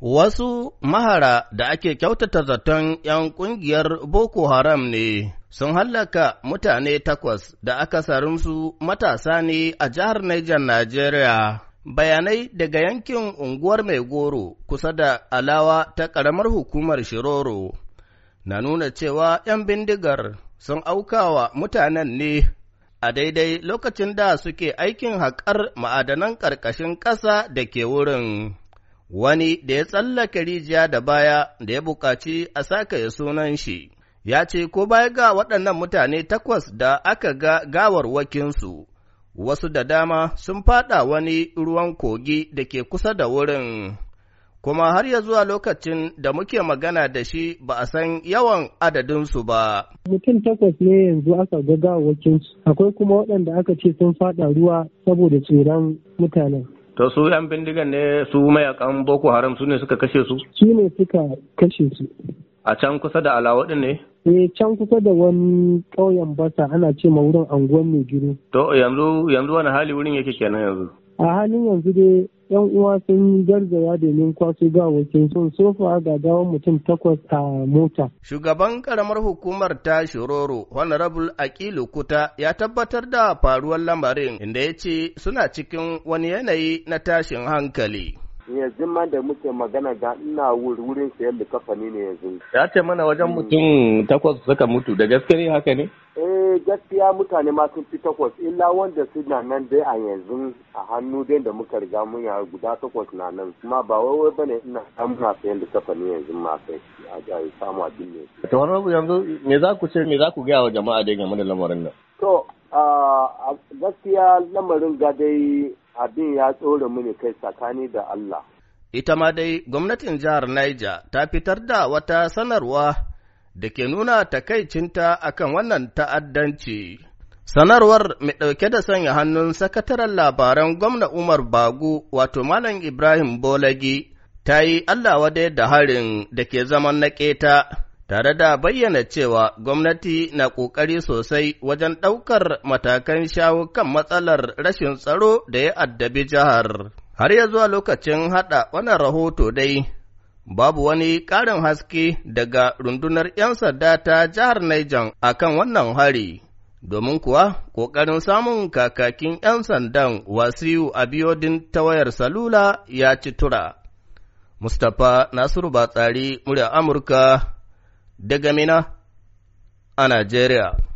Wasu mahara da ake kyautata zaton ‘yan ƙungiyar Boko Haram ne sun hallaka mutane takwas da aka akasarinsu matasa ne a jihar Niger, Najeriya. Bayanai daga yankin unguwar Maigoro kusa da alawa ta ƙaramar hukumar Shiroro na nuna cewa ‘yan bindigar sun aukawa mutanen ne a daidai lokacin da suke aikin haƙar ma'adanan ƙarƙashin ƙasa da ke wurin. wani da ya tsallaka rijiya da baya da ya buƙaci a saka ya sunan shi, ya ce ko baya ga waɗannan mutane takwas da aka ga gawarwakinsu, wasu da dama sun faɗa wani ruwan kogi da ke kusa da wurin, kuma har ya zuwa lokacin da muke magana da shi ba a san yawan adadinsu ba. Mutum takwas ne yanzu aka ga gawarwakinsu, akwai kuma waɗanda aka ce sun faɗa ruwa saboda tsoron mutanen. to su yan bindigan ne su mayakan boko haram su ne suka kashe su su ne suka kashe su a can kusa da alawadin ne eh can kusa da wani ƙauyen basa ana ce ma wurin anguwan mai to yanzu yanzu wani hali wurin yake kenan yanzu a halin yanzu dai yan uwa sun garzaya domin kwaso gawakin sun sofa ga gawan mutum takwas a mota. Shugaban karamar hukumar ta Shiroro, Honorable Akilu Kuta ya tabbatar da faruwar lamarin inda ya ce suna cikin wani yanayi na tashin hankali. yanzu ma da muke magana ga ina wurin sayan da kafani ne yanzu. Ya ce mana wajen mutum takwas suka mutu da gaske ne haka ne? Eh, Eh, gaskiya mutane ma sun fi takwas illa wanda suna nan dai a yanzu a hannu dai da muka riga mun ya guda takwas na nan kuma ba wai wai bane ina an na sai yanda kafa fani yanzu ma sai a ga samu a dinne to har yanzu me za ku ce me za ku gaya wa jama'a dai game da lamarin nan to a gaskiya lamarin ga dai abin ya tsore ne kai tsakani da Allah ita ma dai gwamnatin jihar Niger ta fitar da wata sanarwa da ke nuna takaicinta akan wannan ta'addanci. Sanarwar mai ɗauke da sanya hannun sakataren labaran gwamna Umar Bagu wato Malam Ibrahim Bolagi ta yi Allah wadai da harin da ke zaman na ƙeta tare da bayyana cewa gwamnati na ƙoƙari sosai wajen ɗaukar matakan shawo kan matsalar rashin tsaro da ya addabi jihar. Har ya zuwa lokacin haɗa wannan rahoto dai, Babu wani ƙarin haske daga rundunar ‘yan sanda ta jihar Niger a kan wannan hari, domin kuwa ƙoƙarin samun kakakin ‘yan sandan wasiyu a biyodin ta wayar salula ya ci tura. Mustapha Nasiru Batsari, murya Amurka, daga Mina a Najeriya.